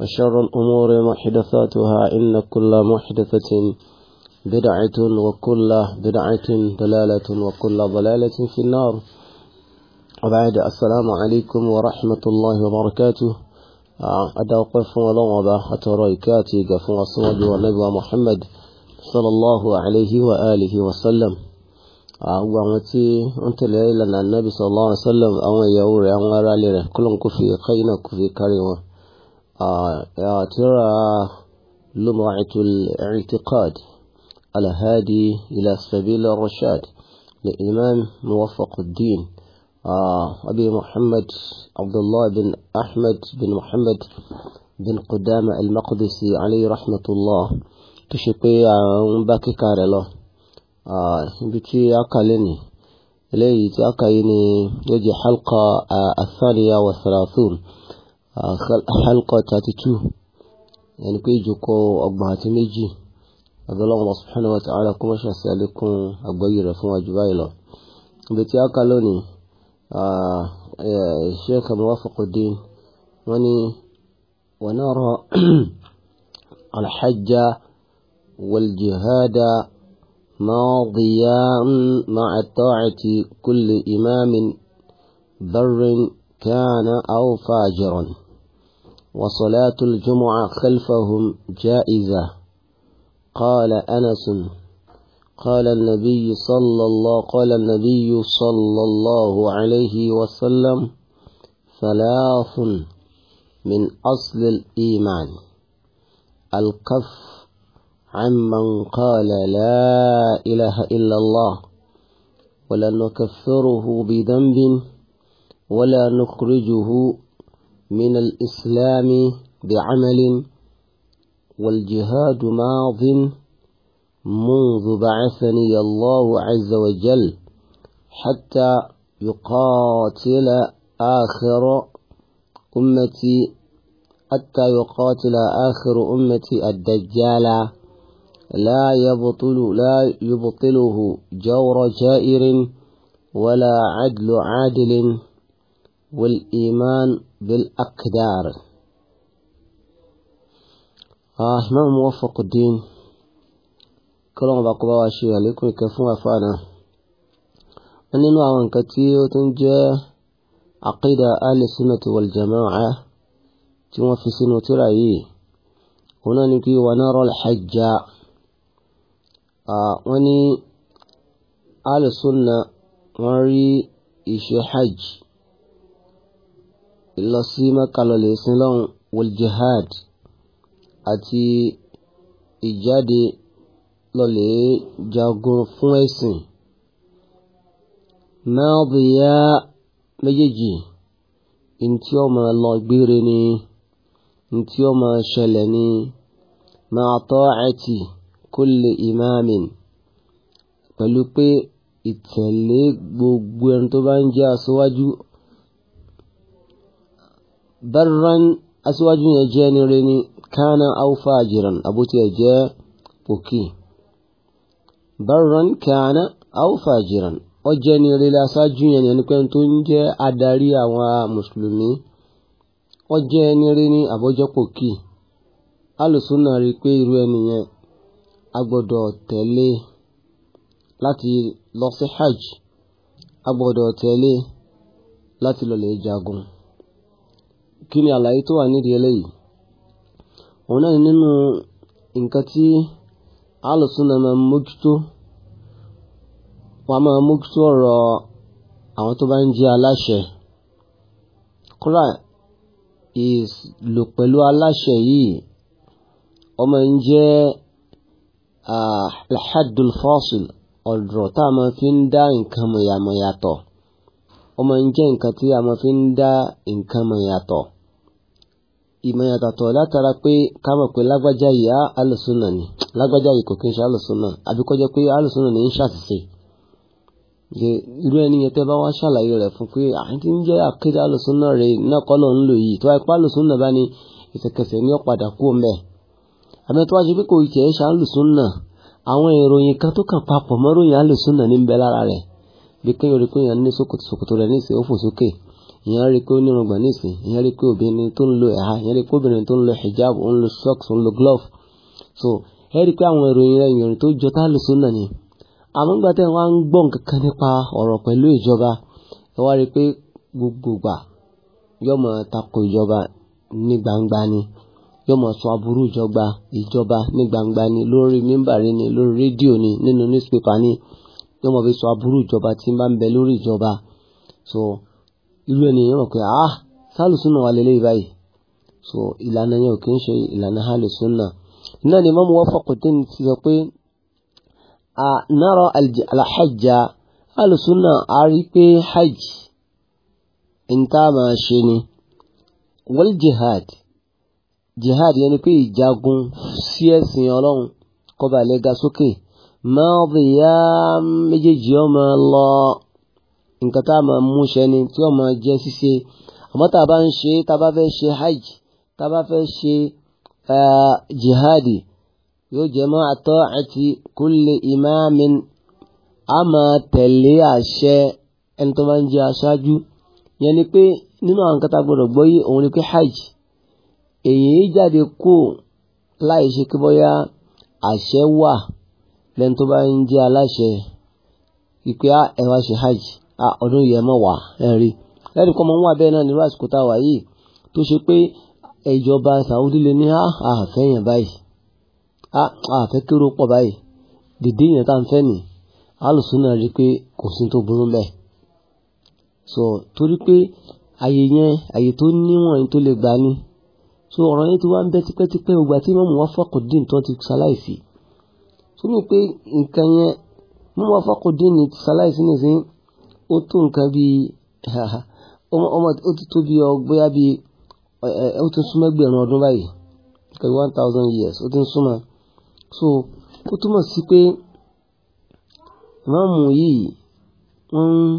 وشر الأمور محدثاتها إن كل محدثة بدعة وكل بدعة ضلالة وكل ضلالة في النار وبعد السلام عليكم ورحمة الله وبركاته أدوقف ولغبة أتريكاتي قفو وصوج والنبي محمد صلى الله عليه وآله وسلم àwọn أنت tí النبي صلى الله عليه وسلم alaihi يوري àwọn ìyàwó rẹ̀ كفي ará ilé rẹ̀ يا آه، آه، ترى لمعة الاعتقاد الهادي إلى سبيل الرشاد لإمام موفق الدين آه، أبي محمد عبد الله بن أحمد بن محمد بن قدامة المقدسي عليه رحمة الله تشكي عن باكي كارلو بكي أقلني إليه تأكيني يجي حلقة الثانية والثلاثون حلقة 32 يعني كي جوكو أبهات تميجي أقول الله سبحانه وتعالى كما شاسي عليكم أبغير فما جبايلة بيتي أقلوني الشيخ آه، آه، موافق الدين واني ونرى الحج والجهاد ماضيا مع الطاعة كل إمام بر كان أو فاجرا وصلاة الجمعة خلفهم جائزة قال أنس قال النبي صلى الله قال النبي صلى الله عليه وسلم ثلاث من أصل الإيمان الكف عمن قال لا إله إلا الله ولا نكفره بذنب ولا نخرجه من الإسلام بعمل والجهاد ماض منذ بعثني الله عز وجل حتى يقاتل آخر أمتي حتى يقاتل آخر أمتي الدجال لا يبطل لا يبطله جور جائر ولا عدل عادل والإيمان بالأقدار إمام موفق الدين kọlọ́run bá kó bá wa ṣe àlékún ìkẹ́ fún àfáàná wọn nínú àwọn nǹkan tí ó tún jẹ́ àkídà alìsínàtì wàlìjàmáà tí wọ́n fi sínú tíra yìí wọn náà ní kí wà náà rọ́ọ̀lù hajjá wọn ní alìsúnà wọn rí ìṣe hajj lọ sí mẹ́kàlọ́lẹ̀ sílọ́hún wal-jihad àti ìjáde lọ́lẹ̀ jagun fún ẹ̀sìn náàbìyà méjèèjì in tí ó máa lọ gbére ni in tí ó máa ṣẹlẹ̀ ni ma'a ta'ati kulli imamin pẹ̀lú pé ìtẹ̀lé gbogbo ẹni tó bá ń jẹ́ aṣíwájú barran aṣíwájú yẹn jẹ́ ní rere ni kánà aw fajiran àbótiẹ̀ je òkè barran kana aw fajiran ó jẹ́ ní rere aṣáájú yẹn ni pé tó ń jẹ́ adarí àwọn mùsùlùmí ó jẹ́ ní ni àbójẹ́pọ̀ kì alùsùnà rí pé irú ẹni yẹn a gbọ́dọ̀ tẹ̀lé láti lọ sí hajj a gbọ́dọ̀ láti lọ lè jagun. kí ni àlàyé tó wà nídìí eléyìí òun náà nínú nǹkan tí alùsùn máa mójútó wọn máa mójútó ọ̀rọ̀ àwọn tó bá ń jẹ́ aláṣẹ kódà ìlò pẹ̀lú aláṣẹ yìí ọmọ ń jẹ́ alhadul fasil ọ̀dọ̀ tá a máa fi ń dá nǹkan mọ̀yàmọ̀yàtọ̀ ọmọ ń jẹ́ nǹkan tí a máa fi ń dá nǹkan mọ̀yàtọ̀ ìmọ̀ yàtọ̀ látara pé ká mọ̀ pé lágbájá yìí alùsùnà ni lágbájá yìí kò kí n ṣe alùsùnà àbí kó pé alùsùnà ni ń ṣàṣìṣe irú ẹni yẹn tẹ́ bá wá ṣàlàyé rẹ̀ fún pé àti ń jẹ́ àkéde alùsùnà rẹ̀ náà kọ́ ló ń lò yìí tó wáyé pé alùsùnà bá ní ìṣẹ̀kẹsẹ̀ ní ọ̀padà kú mẹ́ àmì tó wá ṣe pé kò tiẹ̀ ṣe alùsùnà àwọn ìròyìn kan tó kàn papọ̀ mọ́ròyìn alùsùnà ní ń bẹ lára rẹ̀ bí kéèyàn rí pé èèyàn ní ṣòkòtò ṣòkòtò rẹ̀ ní ìṣe ó èèyàn rí pé ó ní irùngbọ̀n nísìn èèyàn rí pé obìnrin tó ń lo ẹ̀ha èèyàn rí pé obìnrin tó ń lo hijab ó ń lo socks ó ń lo glove so ẹ rí pé àwọn ìròyìn rẹ̀ ìròyìn tó jọ tá lò sónà ni àmọ́ nígbà tẹ́ wá ń gbọ́ nǹkan kan nípa ọ̀rọ̀ pẹ̀lú ìjọba ẹ wá rí pé gbogbo gbà yóò tako ìjọba ní gbangba ni yóò mọ̀ sọ aburú ìjọba ìjọba ní gbangba ni lórí mímbàrí ni lórí rédíò ni nínú newspaper ni yóò mọ̀ fi sọ aburú ìjọba tí ń bá ń bẹ lórí ìjọba so irú ẹni yẹn rò pé ah sálù wà lélẹ́yìí báyìí so ìlànà yẹn ò kí ń ṣe ìlànà hálù súnà náà ni mọ́mú Wafaquddin ti sọ pé a nara alhajja hálù súnà a rí pé hajj ń tá máa ṣe ni wal jihad jihad yẹn ni pé ìjagun sí ẹ̀sìn ọlọ́run kọba lẹ́ga sókè máa bìyà méjèèjì ọmọ lọ́ọ́ nǹkan tá a máa mú ṣẹ ni tí ó máa jẹ́ ṣíṣe àmọ́ tá a bá ń ṣe tá a bá fẹ́ ṣe hajj tá a bá fẹ́ ṣe jihadi yóò jẹ́ mọ́ àtọ́ àti kulli imamin a máa tẹ̀lé àṣẹ ẹni tó máa ń jẹ aṣáájú yẹn ni pé nínú àwọn nǹkan tá a gbọ́dọ̀ gbọ́ yìí òun ni pé hajj èyí jáde kó láì ṣe kí bóyá àṣẹ wà lẹ́ni tó bá ń jẹ́ aláṣẹ ìpè ah, ẹ̀wá ṣe hajj ọdún yẹn mọ̀ wá ẹ̀rí ẹ̀rí kọ́ mọ̀ ń wà bẹ́ẹ̀ náà nírú àsìkò tá wà yìí tó ṣe pé ìjọba Saudi lè ní àfẹ́ yẹn báyìí àfẹ́ kéré pọ̀ báyìí dìde yẹn tá à ń fẹ́ nì alùsùn náà rí i pé kò sí tó burú bẹ́ẹ̀ so torí pé àyè yẹn àyè tó níwọ̀n tó lè gbà ni so ọ̀rọ̀ yẹn ti wá ń bẹ tipẹ́tipẹ́ ògbà tí mọ̀mú wá fọkùndín tó ti ṣaláìsí tó ní pé nǹkan yẹn mọ̀mú wá fọkùndín ti ṣaláìsí nìsín ó tó ha ha ọmọ ó ti tó bí bi bí ó ti súnmọ́ ẹgbẹ̀rún ọdún báyìí one thousand years otu ti so ó túmọ̀ si pe ìmáàmù yìí wọ́n ń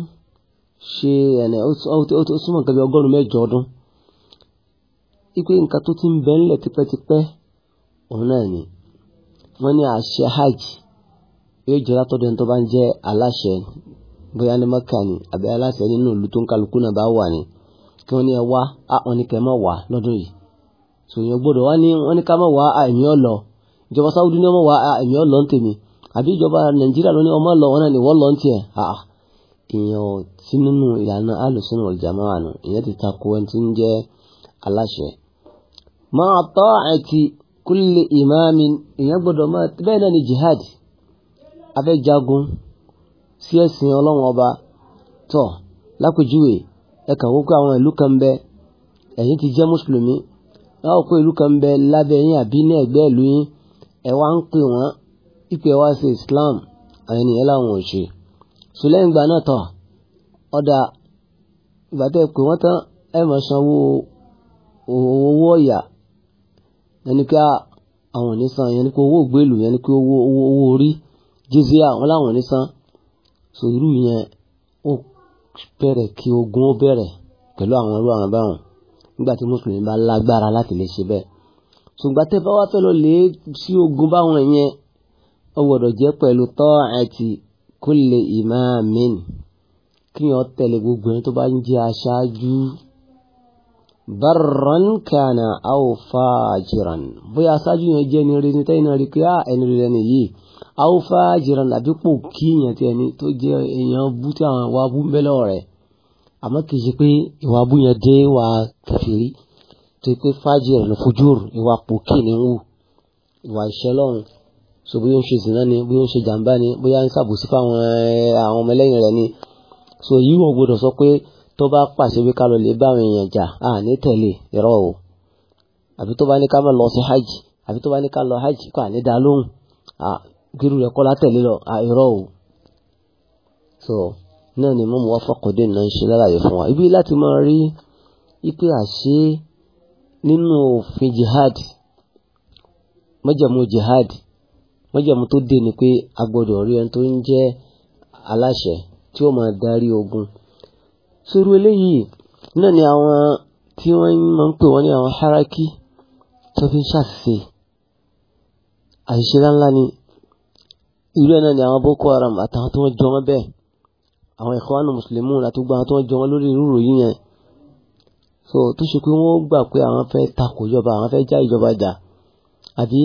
ṣe ẹ̀nẹ̀ otu súnmọ́ nǹkan bí ọgọ́rùn-ún mẹ́jọ ikpe nka to ti ń bẹ ńlẹ̀ òun náà ni hajj yóò ẹni tó bá bóyá ní mọ́kà ni àbí alasị nínú ìlú tó ń na náà bá wà ní kí wọ́n ní ẹ wá á wọn ní kẹ́ mọ́ wá lọ́dún yìí sòyìn gbọ́dọ̀ wá ní wọ́n ní ká mọ́ wá ẹ̀mí ọ̀lọ́ ìjọba sáwùdí ní ọmọ wá ń tèmi àbí ìjọba nàìjíríà ní ọmọ wọn náà lọ ń nínú ìlànà alùsùn ọ̀jàmọ́ àná ìyẹn ti ẹni tí ń jẹ́ aláṣẹ. máa tọ́ àti ìmáàmì máa bẹ́ẹ̀ náà ni jihad sí ẹ̀sìn ọlọ́run ọba tọ̀ lápèjúwe ẹ kàn wọ́n pé àwọn ìlú kan bẹ ẹ̀yin ti jẹ́ mùsùlùmí láwọn pé ìlú kan bẹ lábẹ́ yín àbí ní ẹ̀gbẹ́ ìlú yín ẹ wá ń pè wọ́n ìpè wá sí Islam àwọn ènìyàn làwọn ò ṣe sùlẹ́yìn ìgbà náà tọ̀ ọ̀dà ìgbà tẹ́ pè wọ́n tán ẹ máa sanwó owó ọ̀yà ẹni pé àwọn ò ní san yẹn ni pé owó ògbélù yẹn ni pé owó orí jizíà wọn làwọn ò ní san so irú yẹn ó bẹ̀rẹ̀ kí ogun ó bẹ̀rẹ̀ pẹ̀lú àwọn irú àwọn báwọn nígbà tí mùsùlùmí bá lágbára láti lè ṣe bẹ́ẹ̀ ṣùgbọ́n tẹ́ bá wá fẹ́ lọ lè sí ogun báwọn yẹn ó gbọ́dọ̀ jẹ́ pẹ̀lú ta'ati kulli imamin kí wọ́n tẹ̀lé gbogbo ẹni tó bá ń jẹ́ aṣáájú barran kana aw fajiran bóyá aṣáájú yẹn jẹ́ ni rí ni tẹ́yìn náà rí pé ah, ẹni rí lẹ́ni yìí awúfá jìran àbí pò kí èèyàn tí ni tó jẹ́ èèyàn bú tí àwọn ìwà bú mẹ́lẹ̀ ọ̀rẹ́ àmọ́ kì í ṣe pé ìwà bú yẹn dé wà kẹfìrí tó pé fájìrì ló fojú rù ìwà pò kí ni wù ìwà ìṣẹ́ lọ́run so bí ó ń ṣe zìnà ni bí ó ń ṣe jàǹbá ni bóyá ń ṣàbòsí fáwọn àwọn eh, ọmọlẹ́yìn rẹ̀ ni so èyí wọ́n gbọ́dọ̀ sọ pé tó bá pàṣẹ pé ká lọ lè bá àwọn èèyàn jà à ní tẹ̀lé irọ́ o àbí tó bá ní ká má lọ sí hajj àbí tó bá ní ká lọ hajj kó à ní dá lóhùn gírù rẹ̀ kọ́ látẹ̀lé lọ àìrọ́ o so náà ni mọ́mú wá fọkàndé náà ń ṣe lálàyé fún wa ibi láti máa rí ipe àṣẹ nínú òfin jihad májàmú jihad májàmú tó dé ni pé a gbọ́dọ̀ rí ẹni tó ń jẹ́ aláṣẹ tí ó máa darí ogun sórí eléyìí náà ni àwọn tí wọ́n máa ń pè wọ́n ní àwọn haraki tó fi ń ṣàṣìṣe àṣìṣe ńláńlá ni irú ẹ̀ náà ni àwọn boko haram àtàwọn tó ń jọ wọn bẹ́ẹ̀ àwọn ikhwanu muslimun àti gbogbo àwọn tó ń jọ wọn lórí ìrúrò yìí yẹn so tó ṣe pé wọ́n gbà pé àwọn fẹ́ takò ìjọba àwọn fẹ́ já ìjọba jà àbí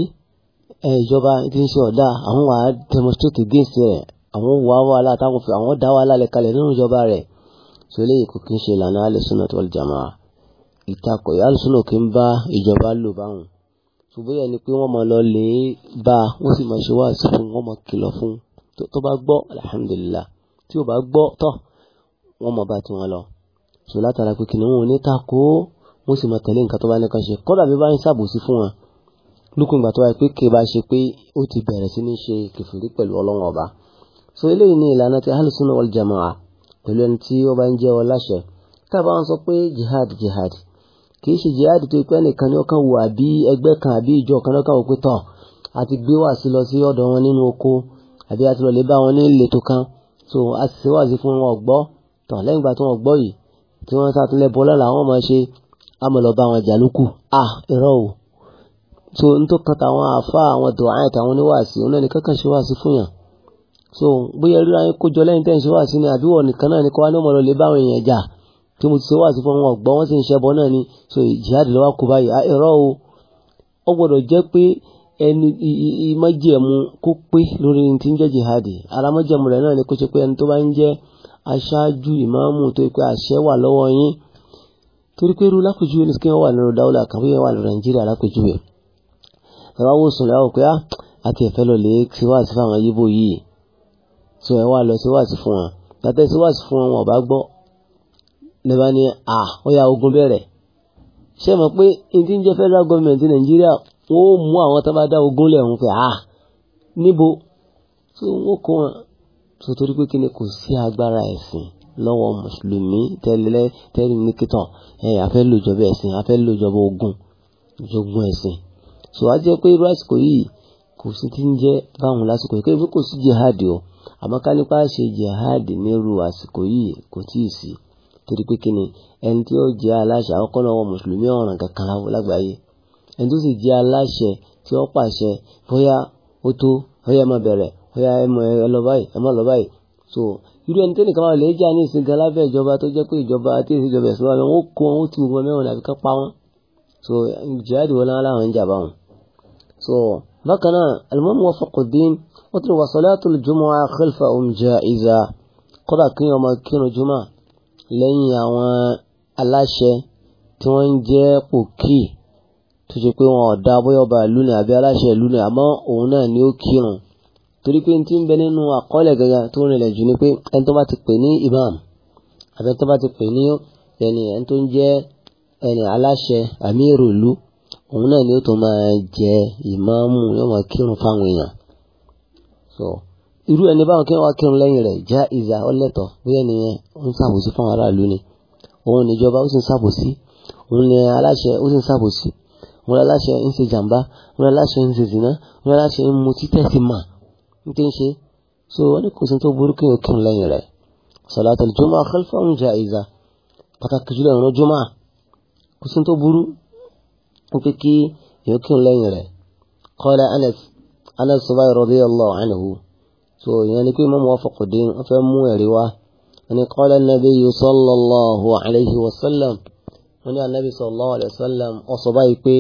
ìjọba tí ń ṣe ọ̀dà àwọn wàá demonstrate against rẹ̀ àwọn wàá wàhálà táwọn fi àwọn dá wàhálà lẹ̀ kalẹ̀ nínú ìjọba rẹ̀ so eléyìí kò kí ń ṣe ìlànà alẹ́ sunnah wal jamaa ìtakò ìyá alẹ́ ṣùgbọ́n yẹn ni pé wọ́n máa lọ lè bá a wọ́n sì máa ṣe wá sí fún wọ́n máa kìlọ̀ fún tó bá gbọ́ alhamdulillah tí ò bá gbọ́ tọ̀ wọ́n máa bá tiwọn lọ sọ látara pé kìnìún wọn ò ní takò wọ́n sì máa tẹ̀lé nǹkan tó bá ní kan ṣe kódà bí bá ń ṣàbòsí fún wọn lókun ìgbà tó wáyé pé kì í bá ṣe pé ó ti bẹ̀rẹ̀ sí ní ṣe kẹfìrí pẹ̀lú ọlọ́run ọba so eléyìí ni ìlànà ti ahlu sunna wal jamaa pẹ̀lú ẹni tí jihad jihad kìí ṣe jihadi tó pẹ́ nìkan ni ọkàn wò àbí ẹgbẹ́ kan àbí ìjọ kan lọ́kàn wò pé tọ̀ àti gbé wà sí lọ sí ọ̀dọ̀ wọn nínú oko àbí àti lọ lè bá wọn ní ìletò kan so a sì wàásí fún wọn ọ̀gbọ́ tọ̀ lẹ́yìn ìgbà tí wọn ọ̀gbọ́ yìí tí wọ́n sátúnlẹ̀ bọ́ lọ́la àwọn máa ṣe amọ̀lọ́ wọn jà à irọ́ o so n tó kan tàwọn àfa àwọn dọ̀hán àtàwọn oníwàásí òun náà nìkan kan ṣe wàásí fún yàn so bóyá ríra yín kójọ lẹ́yìn tẹ́ ń ṣe wàásí ni àbí wọ̀ nìkan náà ni kọ́ wá ní ọmọ lọ bá àwọn èèyàn jà kí mo ti ṣe wáàsí fún wọn ọ̀gbọ́ wọn sì ń ṣẹbọ náà ni so jihad lọ́wọ́ kó báyìí ẹ̀rọ ah, o ó gbọ́dọ̀ jẹ́ pé ẹni ìmọ̀jẹ̀mú kó pé lórí ní ti ń jẹ́ jihad ara rẹ̀ náà ni kó ṣe pé ẹni tó bá ń jẹ́ aṣáájú ìmáàmù tó pé àṣẹ wà lọ́wọ́ yín torí pé irú lápèjúwe ní kí wọ́n wà nínú dáwọ́lá kan bí wọ́n wà nínú nàìjíríà lápèjúwe ẹ wá lẹ́bàá ní à ó yá ogun bẹ̀rẹ̀ ṣé mọ̀ pé n ti ń jẹ́ federal government nàìjíríà wọ́n ó mú àwọn tó bá dá ogun lẹ̀ ń pẹ́ à níbo tí wọ́n kó wọn tó torí pé kíni kò sí agbára ẹ̀sìn lọ́wọ́ mùsùlùmí tẹ́lẹ̀ tẹ́lẹ̀ ní kìtàn ẹ̀ afẹ́ lòjọba ẹ̀sìn afẹ́ lòjọba ogun ìjọgbọ́n ẹ̀sìn so wá jẹ́ pé irú àsìkò yìí kò sí ti ń jẹ́ báwọn lásìkò yìí pé kò sí jihad o àmọ́ ká ṣe jihad nírú àsìkò yìí kò tíì sí torí pé kíni ẹni tí ó jẹ́ aláṣẹ àkọ́kọ́ náà wọ mùsùlùmí ọ̀ràn kankan lágbàáyé ẹni tó sì jẹ́ aláṣẹ tí ó pàṣẹ bóyá ó tó bóyá ẹ má bẹ̀rẹ̀ bóyá ẹ mọ lọ báyìí ẹ má lọ báyìí so irú ẹni tẹ́nì kan wà lè jà ní ìsìn gan lábẹ́ ìjọba tó jẹ́ pé ìjọba tí èsì ìjọba ẹ̀sìn wà lọ kó wọn ó ti wọn mẹ́wọ̀n àbí kápá wọn so jihadi wọn láwọn ń jà báwọn. so bákan náà alimami Wafaquddin wọ́n ti wà salatul jumu'a khilfahum ja'iza kọ́dà kí ọmọ kírun jùmọ̀ lẹ́yìn àwọn aláṣẹ tí wọ́n ń jẹ́ pòkì tó ṣe pé wọn ò dá bóyá ọba ìlú ni àbí aláṣẹ ìlú ni àmọ́ òun náà ni ó kírun torí pé tí ń bẹ nínú àkọọ́lẹ̀ gangan tó rìnlẹ̀ jù ni pé ẹni tó bá ti pè ní imam àbí ẹni tó bá ti pè ní ẹni ẹni tó ń jẹ́ ẹni aláṣẹ àmírù ìlú òun náà ni ó tó máa jẹ ìmáàmù yóò máa kírun fáwọn èèyàn. So, irú ẹni báwọn kí wọ́n wá kírun lẹ́yìn rẹ̀ já ìzà ọlẹ́tọ̀ bóyá nìyẹn ń ṣàbòsí fáwọn aráàlú ni òun níjọba ó sì ń ṣàbòsí òun ni aláṣẹ ó sì ń ṣàbòsí òun aláṣẹ ń ṣe jàǹbá òun aláṣẹ ń ṣe zìnà òun aláṣẹ ń mu títẹ̀ sí mà ń tẹ́ ń ṣe so wọ́n ní kò sí tó burú kí wọ́n kírun lẹ́yìn rẹ̀ salatul jumu'a khalfahum ja'iza pàtàkì jùlọ ìrun jùmọ̀ kò sí tó burú pé kí wọ́n kírun lẹ́yìn rẹ̀ qala Anas so ìyẹn ni pé Imam Wafaquddin wọ́n fẹ́ mú ẹ̀rí wá ẹni qala an-nabiyyu sallallahu alayhi wa sallam wọ́n ní anabi sallallahu alayhi wa sallam ọ̀sọ̀ báyìí pé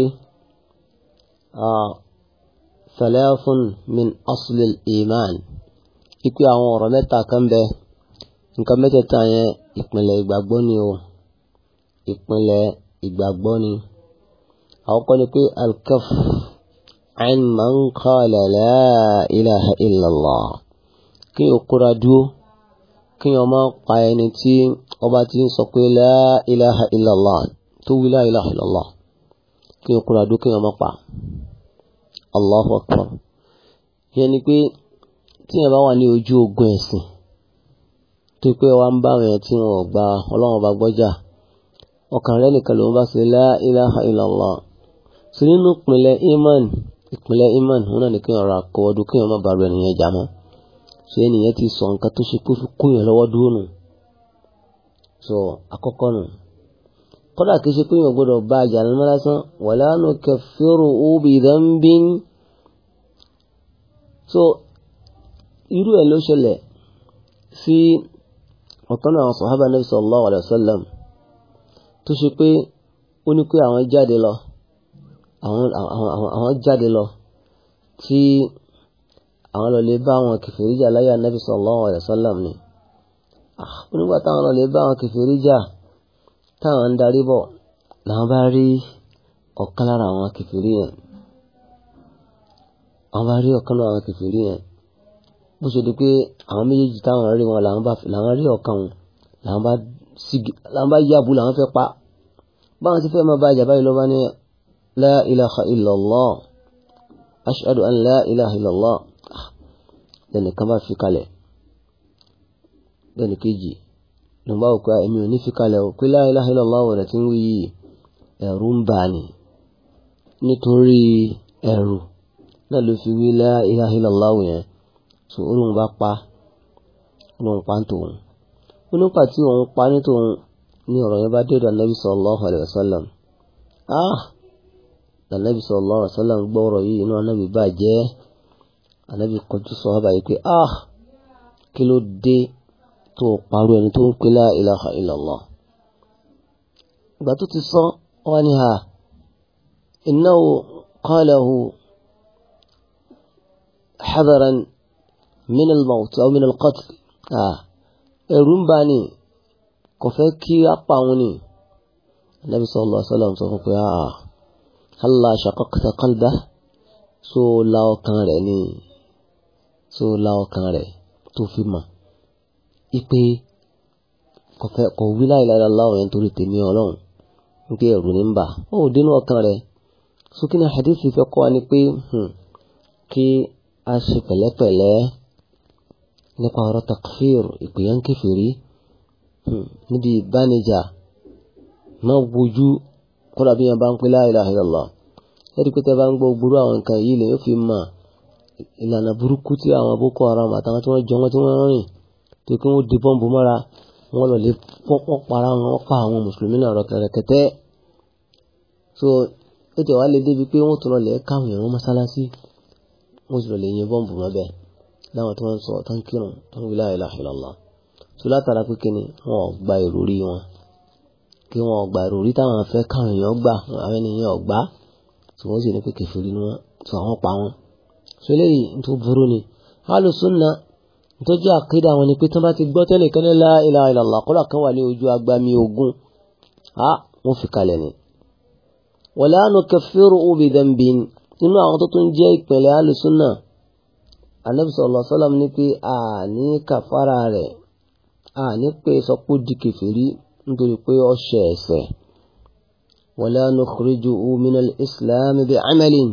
thalathun min aslil iman ipe àwọn ọ̀rọ̀ mẹ́ta kan bẹ nǹkan mẹ́tẹ̀ẹ̀ta yẹn ìpìlẹ̀ ìgbàgbọ́ ni o ìpìlẹ̀ ìgbàgbọ́ ni àkọ́kọ́ ni pé alkaf an man qala la ilaha illallah kí o kóra dúó kí o má pa ẹni tí ọba ti ń sọ pé la ilaha illallah tó wí la ilaha illallah kí o kóra dúó kí o má pa Allahu akbar yẹn ni pé tí ẹ bá wà ní ojú ogun ẹ̀sìn tó pé wa ń bá àwọn ẹ̀ tí wọn gba ọlọ́run ọba gbọ́jà ọkàn rẹ nìkan ló ń bá ṣe la ilaha sí nínú ìpìlẹ̀ iman ìpìlẹ̀ iman òun náà ni kí ọ̀rọ̀ àkọwọ́dún kí ọmọ bàbá ẹni yẹn jà mọ́ so ẹnìyẹn ti sọ nǹkan tó ṣe pé kún yẹn lọ́wọ́ dúró nù so àkọ́kọ́ nù kódà kìí ṣe pé yẹn gbọ́dọ̀ bá ajá lọ́mọ lásán wala nukaffiruhu bi dhanbin so irú ẹ̀ ló ṣẹlẹ̀ sí ọ̀kan náà àwọn sọ̀hábà Nabi sallallahu alaihi wasallam tó ṣe pé ó ní pé àwọn jáde lọ àwọn jáde lọ tí àwọn lọ lè bá àwọn kèfèrí jà láyé Ànábì sallallahu alaihi wasallam ni ah, nígbà táwọn lọ lè bá àwọn kèfèrí jà táwọn ń darí bọ̀ làwọn bá rí ọ̀kan lára àwọn kèfèrí yẹn àwọn bá rí ọ̀kan lára àwọn kèfèrí yẹn bó ṣe di pé àwọn méjèèjì táwọn rí wọn làwọn rí ọ̀kan wọn làwọn bá yàbù làwọn fẹ́ pa báwọn ti fẹ́ máa bá ìjà báyìí lọ bá ní la ilaha illallah ashhadu an la ilaha illallah lẹ́nìkan bá fi kalẹ̀ lẹ́nì kejì ló bá òkú ẹ̀mí ah, ò ní fi kalẹ̀ o pé la ilaha illallah rẹ̀ tí ń wí yìí ẹ̀rù ń bà ní nítorí ẹ̀rù náà ló fi wí la ilaha illallah yẹn tó olóhùn bá pa olóhùn pa ń tòun ó nípa tí òun pa ní tòun ní ọ̀rọ̀ yẹn bá dẹ́dọ̀ Ànábì sallallahu alaihi wasallam ah Ànábì sallallahu alaihi wasallam gbọ́ ọ̀rọ̀ yìí inú Ànábì bàjẹ́ ànábì kọjú sàhábà yìí pé ah kí ló dé tó parọ́ ẹni tó ń pè lá ilaha illallah ìgbà tó ti sọ wọn ni ha innahu qalahu hadaran min al-maut aw min al-qatl ẹ̀rù ń bá ní kò fẹ́ kí á pa òun ni ànábì sallallahu alaihi wasallam sọ fún pé ah halla shaqaqta qalbah so la ọkàn rẹ̀ ni so la ọkàn rẹ̀ tó fi mọ̀ ipe kọfẹ́ kọ wí la ilaha illallah yẹn torí tèmi ọlọ́run nígbà ẹ̀rù ní ń bà ó ò dénú ọkàn rẹ̀ so kí ni hadithi fẹ́ kọ́ wa ni pé hmm, kí a ṣe pẹ̀lẹ́pẹ̀lẹ́ nípa ọ̀rọ̀ takfir ìpèyàn kẹfìrí hmm, níbi ìbánijà máa wojú kọ́ra bí wọn bá ń pè la ilaha illallah lẹ́yìn pé tẹ́ bá ń gbọ́ gbúrú àwọn nǹkan yìí lè yóò fi mọ̀ ìlànà burúkú tí àwọn Boko Haram àtàwọn tí wọ́n jọ wọ́n tí wọ́n rìn tó kí wọ́n di bọ́ǹbù mọ́ra wọ́n lọ lè pọ́pọ́ para wọn wọ́n pa àwọn mùsùlùmí náà rọ̀kẹ̀rẹ̀kẹ̀tẹ́ so ó tẹ̀ wá lè débi pé wọ́n tún lọ lè káwọn èèyàn mọ́sálásí wọ́n sì lọ lè yin bọ́ǹbù mọ́ bẹ́ẹ̀ láwọn tí wọ́n sọ tán kírun tán wí la ilaha so látara pé ni, wọn ò gba ìròrí wọn kí wọn ò gba ìròrí táwọn fẹ́ káwọn èèyàn gbà àwọn ènìyàn ò gbà tí wọ́n sì ní pé kẹfìrí ni wọ́n tí àwọn pa wọn so eléyìí tó burú ni alùsùnà tó jẹ́ àkídà wọn ni pé tó bá ti gbọ́ tẹ́lẹ̀ kan la ilaha illallah kọ́lá kan wà ní ojú agbami ogun a wọ́n fi kalẹ̀ ni. wala nukaffiruhu bi dhanbin nínú àwọn tó tún jẹ́ ìpìlẹ̀ alùsùnà Ànábì sallallahu alaihi wasallam ní pé a ní kàfàrà rẹ̀ a ní pé sọpó di kèfèrí nítorí pé ó ṣẹ̀ ẹ̀ṣẹ̀ wala nukhrijuhu minal islam bi'amalin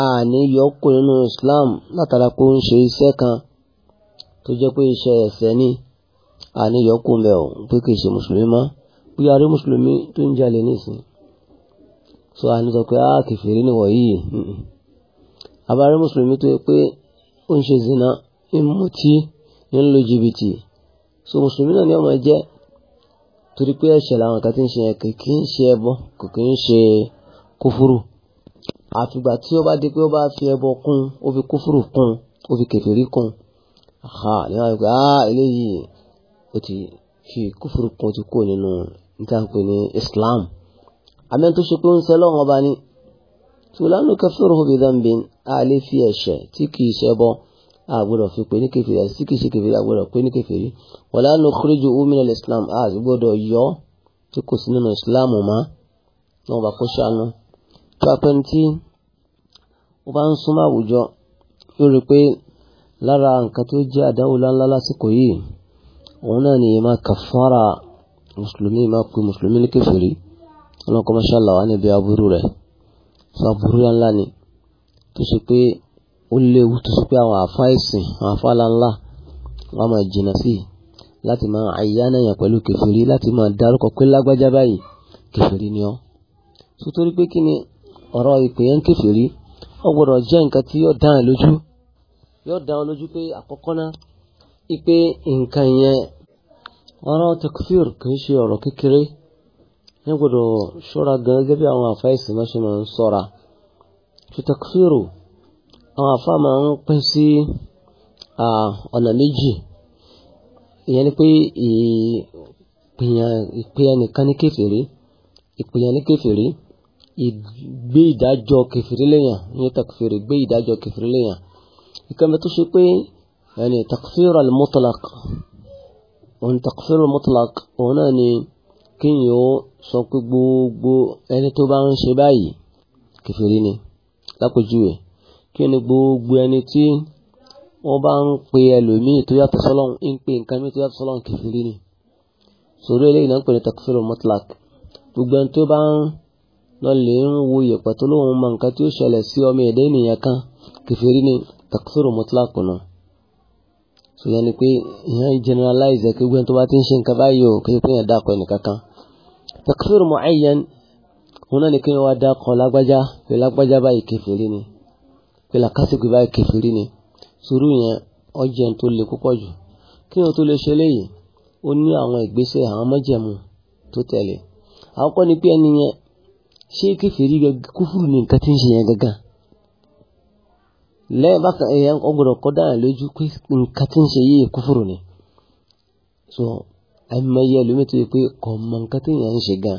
àní yọkù nínú Islam látara pé ó ń ṣe iṣẹ́ kan tó jẹ́ pé iṣẹ́ ẹ̀ṣẹ̀ ni àní yọkù mẹ́ ò pé kìí ṣe mùsùlùmí mọ́ bí arí mùsùlùmí tó ń jalè nísìn so àní sọ pé áà yìí àbárí mùsùlùmí tó yẹ pé ó ṣe zina ń mutí lo jìbìtì so mùsùlùmí náà ni ọmọ jẹ́ torí pé ẹ̀ṣẹ̀ làwọn kan ti ń ṣe yẹn kì í ṣe ẹbọ àtùgbà tí ó bá di pé ó bá fi ẹbọ kún ó fi kúfùrù kún ó fi kèfèrí kún àhà níwájú wípé ah eléyìí ó ti fi kúfùrù kún ó ti kú nínú nítaǹpé ní Islam àmì tó ṣe pé ó ń sẹ́ lọ́wọ́n ọba ni tùlánù kẹfìrò òbí dánbìn àlè fi ẹ̀ṣẹ̀ tí kì í ṣẹbọ àgbọ̀dọ̀ fi pé ní kèfèrí àti tí kì í ṣe kèfèrí àgbọ̀dọ̀ pé ní kèfèrí wọ̀lá nu kúrẹ́jù ominal Islam àgbọ̀dọ̀ yọ tí kò sí nínú Islam mọ́ náà wọ́n bá kó ṣàánú tó apẹ́ ní tí ó bá ń súnmọ́ àwùjọ yóò rí pé lára nǹkan tó jẹ́ àdánwò láńlá lásìkò yìí òun náà ni ìmá kàfàrà mùsùlùmí ìmá pe mùsùlùmí ní kèfèrí ọlọ́kọ́ mọ́ṣálà wà níbi aburú rẹ̀ sọ aburú láńlá ni tó ṣe pé ó léwu tó ṣe pé àwọn àfa ìsìn àwọn àfa láńlá wọn máa jìnnà sí láti máa àyáná yàn pẹ̀lú kèfèrí láti máa dárúkọ pé lágbájá báyìí kèfèrí ni ọ́ sotori pé kí ni ọ̀rọ̀ ìpè yẹn ń kèfèrí ó gbọ́dọ̀ jẹ́ nǹkan tí yóò dáhùn lójú yóò dáhùn lójú pé àkọ́kọ́ náà ipe nǹkan yẹn ọ̀rọ̀ takfir kì í ṣe ọ̀rọ̀ kékeré yẹn gbọ́dọ̀ ṣọ́ra gan gẹ́gẹ́ bí àwọn àfa ìsìn máa ṣe máa ń ṣọ́ra ṣe takfir àwọn àfa máa ń pín sí ọ̀nà méjì ìyẹn ni pé ìpìyàn ìpìyàn nìkan ní kèfèrí ìpìyàn ní kèfèrí ìgbé ìdájọ́ kẹfìrí lẹ́yìn ní takfiri gbé ìdájọ́ kẹfìrí lẹ́yìn ìkànnì tó ṣe pé ẹni takfir al-mutlaq òun takfir al-mutlaq òun náà ni kí n yóò sọ pé gbogbo ẹni tó bá ń ṣe báyìí kẹfìrí ni lápèjúwe kí ni gbogbo ẹni tí wọ́n bá ń pe ẹlòmíì tó yàtọ̀ sọ́lọ́hún ń pe nǹkan mi tó yàtọ̀ sọ́lọ́hún kẹfìrí ni sòrí eléyìí náà ń pè ní takfir al-mutlaq gbogbo ẹni tó bá ń lọ́lẹ̀ ń wo yẹ̀pẹ̀ tó lóun mọ nǹkan tí ó ṣẹlẹ̀ sí ọmọ ẹ̀dá ènìyàn kan kẹfẹ́rí ni takfuru mutlaq nù. so yẹn ni pé ìyẹn generalize ẹ̀ kí gbẹ́ni tó bá ti ń ṣe nǹkan báyìí o kí ni pé yẹn dákọ̀ ẹnìkan kan. takfuru muayyan òun náà ni kí wọ́n dákọ̀ lágbájá pé lágbájá báyìí kẹfẹ́rí ni pé làkàsìkò báyìí kẹfẹ́rí ni sùúrù yẹn ọjẹ́ tó le púpọ̀ jù kí àkọ́kọ́ ni pé ẹni yẹn shi kafiri ga kufuru ne katin shi ya gaga le baka e yan ogoro koda lójú pé nǹkan ṣe yìí kúfùrù ni so àìmọye ẹlòmíì tó yẹ pé kò mọ nǹkan tí yẹn ń ṣe gan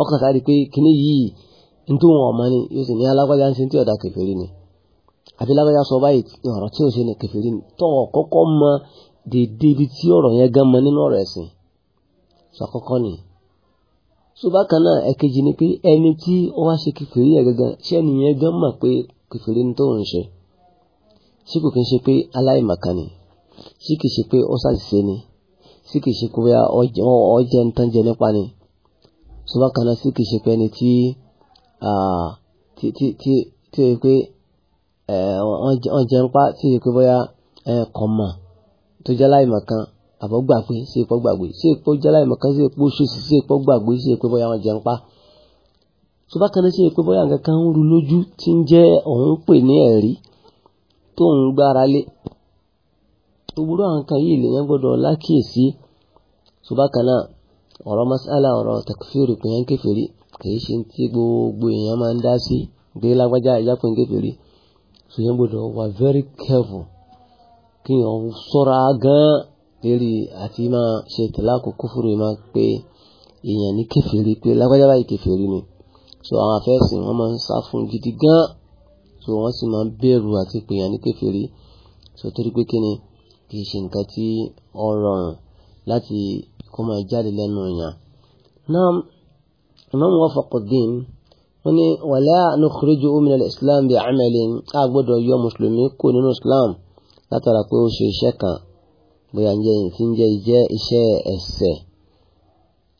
ọkàn sáré pé kíní yìí n tó ni yóò sì ní alágbájá ni àbí alágbájá sọ so bákan náà ẹ̀kejì ni pé ẹni tí ó wá ṣe kèfèrí yẹn gangan ṣé ẹnìyẹn gan mọ̀ pé kèfèrí ní tó ń ṣe ṣé kò kí ń ṣe pé aláìmọ̀kan ni ṣé kì í ṣe pé ó ṣàṣìṣe ni ṣé kì í ṣe pé ó jẹ́ ń tán jẹ nípa ni so ṣé kì í ṣe pé ẹni tí tí ó pé wọ́n jẹ́ ń pa tí ó pé bóyá kọ̀mọ̀ tó jẹ́ aláìmọ̀kan àbọ̀ gbàgbé sí epo gbàgbé sí epo jẹ́ láì sí epo ṣòṣì sí epo gbàgbé sí epo bóyá wọn jẹun pa tó bá kan sí epo bóyá nǹkan kan ń ru lójú tí ń jẹ́ òun pè ní ẹ̀rí tó ń gbára lé òwúrọ̀ àwọn kan yìí lèèyàn gbọ́dọ̀ lákìyèsí tó bá kan náà ọ̀rọ̀ masala ọ̀rọ̀ takfiri pé yẹn kẹfìrí kìí ṣe tí gbogbo èèyàn máa ń dá sí gbé lágbájá ìyápin kẹfìrí ṣùgbọ́n gbọ́dọ̀ wà very careful kí èèyàn sọ́ra gan-an lérí àti máa ṣe ìtìláàkù kúfùrù máa pé èèyàn ní kèfèrí pé lágbájá báyìí kèfèrí ni so àwọn afẹ́sìn wọ́n máa ń sá fún gidi gan so wọ́n sì máa ń bẹ̀rù àti pé èèyàn ní kèfèrí so torí pé kíni kì í ṣe nǹkan tí ó rọrùn láti kó máa jáde lẹ́nu èèyàn. náà Imam Wafaquddin wọ́n ní wala nukhriju min al-islam bi amalin a gbọ́dọ̀ yọ mùsùlùmí kò nínú islam látara pé ó ṣe iṣẹ́ kan bóyá ń jẹ́ tí ń jẹ́ ìjẹ́ iṣẹ́ ẹ̀sẹ̀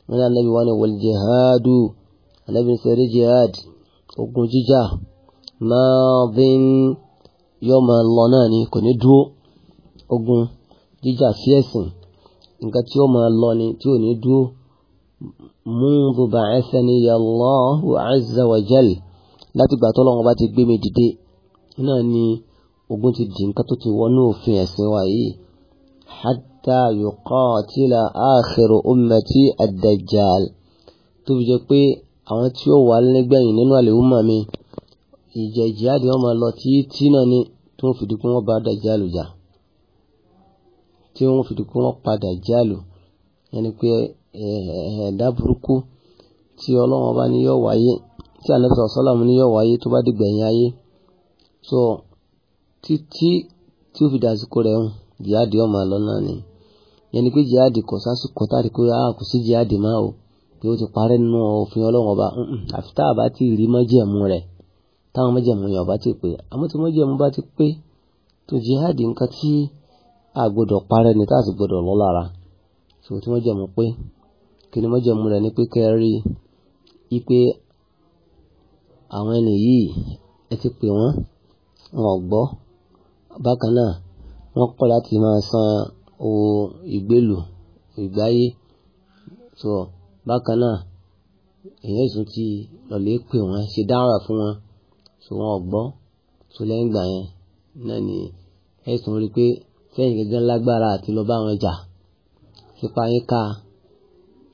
wọn ni wal jihadu anábì ń sẹ́rí jihad ogun jíjà maadhin yóò máa lọ náà ni kò ní dúró ogun jíjà sí ẹ̀sìn nǹkan tí ó máa lọ ni tí ò ní dúró mundu ba'athani Allahu azza wa jal láti gbà t'Ọlọ́run bá ti gbé mi dìde náà ni ogun ti di nǹkan tó ti wọnú òfin ẹ̀sìn wa حتى يقاتل آخر ummati الدجال. dajjal tó fi jẹ́ pé àwọn tí ó wà lẹ́gbẹ̀yìn nínú àlèhùnmọ̀ mi ìjẹ́ ìjìyàdì wọn máa lọ títí náà ni tí wọ́n fi di pé wọ́n bá dàjálù jà tí wọ́n fi di pé padà jálù yẹn ni pé eh, ẹ̀ẹ́dá burúkú tí ọlọ́wọ́n bá ní yọ̀ wáyé tí àlẹ́sọ̀ sọ́làmù ní yọ̀ wáyé tó bá dìgbẹ̀yìn ayé so títí tí ó fi dàsìkò rẹ̀ hùn jihadi ọmọ àlọ́ náà ni yẹn ni pé jihadi kò sásìkò tá a rí pé a ah, kò sí jihadi máa o pé ó ti parẹ́ nínú òfin ọlọ́run ọba àfi tá a bá ti rí mọ́jẹ̀mú rẹ̀ táwọn mọ́jẹ̀mú yẹn ọba ti pé àmọ́ tí mọ́jẹ̀mú bá ti pé tó jihadi nǹkan tí a gbọ́dọ̀ parẹ́ ni tá a sì gbọ́dọ̀ lọ lára so tí mọ́jẹ̀mú pé kí ni mọ́jẹ̀mú rẹ̀ ni pé kẹ́rí i pé àwọn ẹni yìí ẹ ti pè wọ́n wọn ò gbọ́ bákan náà wọ́n kọ̀ láti máa san owó ìgbélù ìgbáyé so bákan náà èyàn ìsún ti lọlé pè wọ́n ṣe dáwà fún wọn so wọn ò gbọ́ so lẹ́yìn ìgbà yẹn náà ni ẹ̀sùn rí pé fẹ́yìn gẹ́gẹ́ lágbára àti lọ bá wọn jà pípa yín ká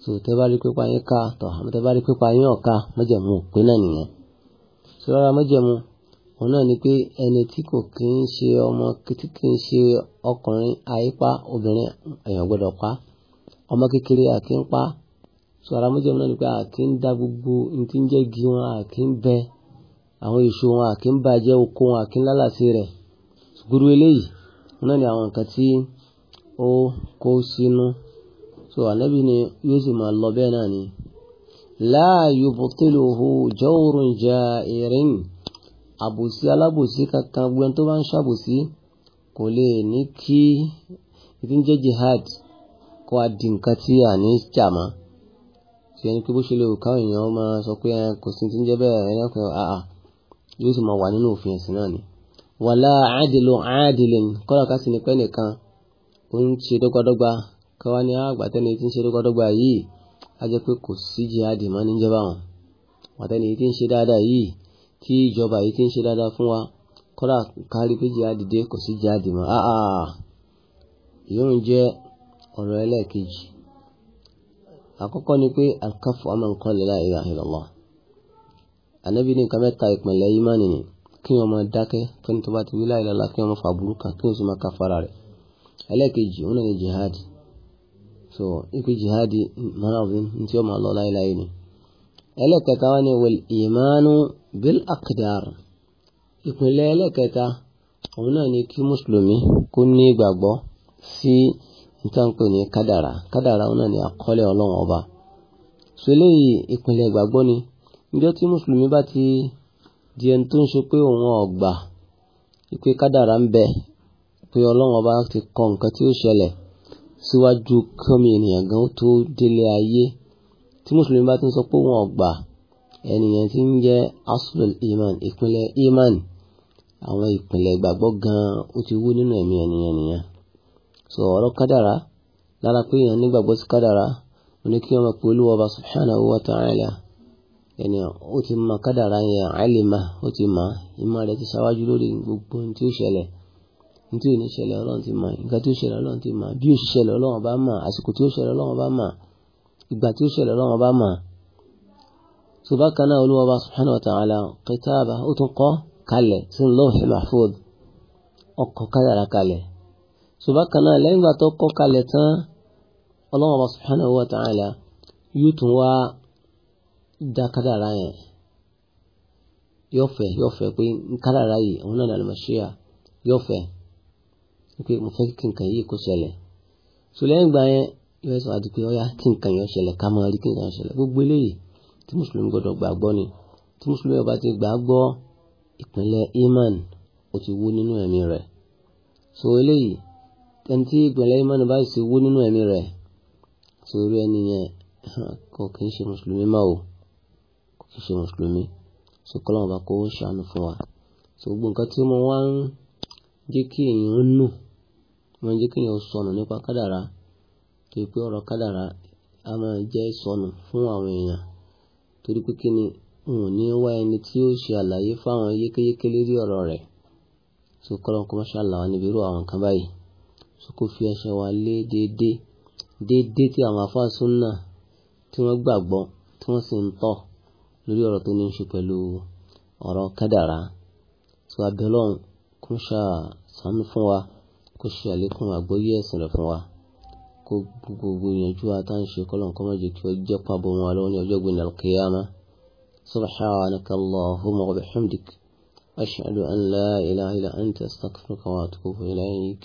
so tẹ́ bá rí pípa yín ká tọ̀ àmọ́ tẹ́ bá rí pípa yín ọ̀ka mọ́jẹ̀mú òpin náà nìyẹn so rárá mọ́jẹ̀mú òun náà ni pé ẹni tí kò kí ń ṣe ọmọ tí kì í ṣe ọkùnrin àìpa obìnrin èèyàn gbọ́dọ̀ pa ọmọ kékeré àti ń pa so ara méjì náà ni pé àti ń da gbogbo ní ti ń jẹ́ igi wọn àti ń bẹ àwọn èso wọn àti ń bàjẹ́ oko wọn àti ń lálàsí rẹ̀ gúrú eléyìí náà ni àwọn nǹkan tí ó kó sínú so ànábì ni yóò sì máa lọ bẹ́ẹ̀ ni àbòsí alábòsí kankan gbogbo ẹni tó bá ń ṣàbòsí kò lè ní kí ìdí ń jẹ́ jihad kó a di nǹkan tí a ní jà mọ́. ṣe ni pé bó ṣe lè wù káwọn èèyàn máa sọ pé kò sí ti ń jẹ́ bẹ́ẹ̀ ẹni ọ̀pẹ àà yóò sì máa wà nínú òfin ẹ̀sìn náà ni. wàlá àádìlú àádìlẹ̀ kọ́lá ká sì ní pẹ́ nìkan ó ń ṣe dọ́gbadọ́gba káwá ní àgbàtẹ́ni tí ń ṣe dọ́gbadọ́gba yìí á jẹ́ pé kò sí jihad mọ́ níjẹ́ báwọn àgbàtẹ́ni tí ń ṣe dáadáa yìí kí ìjọba yìí ti ń ṣe dáadáa fún wa kódà kárí pé jihad dé kò sí jihad mọ́. Àà ah, ah. ìyóhùn jẹ́ ọ̀rọ̀ ẹlẹ́ẹ̀kejì. Àkọ́kọ́ ni pé alkafu kafu amman qala la ilaha ní nǹkan mẹ́ta ni kí wọ́n máa dákẹ́ fẹ́ni tó bá ti wí la kí wọ́n máa fa burúkà kí sì máa rẹ̀. Ẹlẹ́ẹ̀kejì So ipe jihad tí máa lọ ni. Ẹlẹ́ẹ̀kẹta ni imanu bil akdar ìpínlẹ̀ ẹlẹ́kẹta òun náà ni kí mùsùlùmí kó ní ìgbàgbọ́ sí ìtànpè ní kádàrà kádàrà òun náà ni àkọọ́lẹ̀ ọlọ́run ọba so eléyìí ìpínlẹ̀ ìgbàgbọ́ ni níjọ́ tí mùsùlùmí bá ti di ẹni tó ń ṣe pé òun ọ̀gbà ìpè kádàrà ń bẹ pé ọlọ́run ọba ti kọ nǹkan tí ó ṣẹlẹ̀ síwájú kí ènìyàn gan tó délé ayé tí mùsùlùmí bá ti ń sọ pé òun ọ̀gbà ẹnìyẹn tí ń iman ìpínlẹ̀ iman àwọn ìpínlẹ̀ ìgbàgbọ́ gan ó ti wú nínú ẹ̀mí ẹnìyẹn nìyẹn so ọrụ kádàrá lára pé èèyàn nígbàgbọ́ sí kádàrá mo ní kí ọmọ pé olúwa ọba subhanahu wa ta'ala ẹni ó ti ma kádàrá yẹn àìlèmá ó ti mọ ìmọ̀ rẹ̀ ti ṣáwájú lórí gbogbo ohun tí ó ṣẹlẹ̀ ní ní ti mọ̀ nǹkan tí ó ti mọ̀ bí ó subhakana olúwọba subhanahu wa tacaala kìtàbà ó kale kọ kalẹ̀ sínú lọ́wọ́ mahfud ọkọ̀ kádàrà kalẹ̀ subhakana lẹ́yìn gbà tó kalẹ̀ tán wa ta'ala yutun tún da dá kádàrà yẹn yọ̀fẹ̀ gbogbo tí mùsùlùmí gbọdọ̀ gbàgbọ́ ni tí mùsùlùmí ọba ti gbàgbọ́ ìpínlẹ̀ iman ó ti wó nínú ẹ̀mí rẹ̀ so eléyìí ẹni tí ìpínlẹ̀ iman bá sì wó nínú ẹ̀mí rẹ̀ so irú ẹni yẹn kò kì í ṣe mùsùlùmí mọ́ o kò kì í ṣe mùsùlùmí so kọ́lọ́n ọba kó ṣàánú fún wa so gbogbo nǹkan tí mo wá ń jẹ́ kí èèyàn nù wọ́n jẹ́ kí èèyàn sọnù nípa kádàrá kí pé ọ̀rọ̀ kádàrá a máa jẹ́ sọnù fún àwọn èèyàn torí pé kí ni n ò ní wá ẹni tí ó ṣe àlàyé fáwọn yékéyéké lérí ọ̀rọ̀ rẹ̀ so kọ́lọ́n kọ́ máa ṣàlàyé níbi irú àwọn nǹkan báyìí so kó fi ẹsẹ̀ wa lé déédéé déédéé tí àwọn àfáà súnà tí wọ́n gbàgbọ́ tí wọ́n sì ń tọ̀ lórí ọ̀rọ̀ tó ní í ṣe pẹ̀lú ọ̀rọ̀ kádàrá so abẹ́ ọlọ́run kó ṣàánú fún wa kó ṣe àlékún àgbọ́yé ẹ̀sìn rẹ̀ fún wa. kó gbogbo ìyànjú àtàǹṣe kọ́lọ̀n kọ́ méjì kí ó jẹ́ pàbọ̀ wọn lọ́wọ́ ní ọjọ́ gbìn alkiyama subhanaka allahumma wa bihamdik ashhadu an la ilaha illa anta astaghfiruka wa atubu ilayk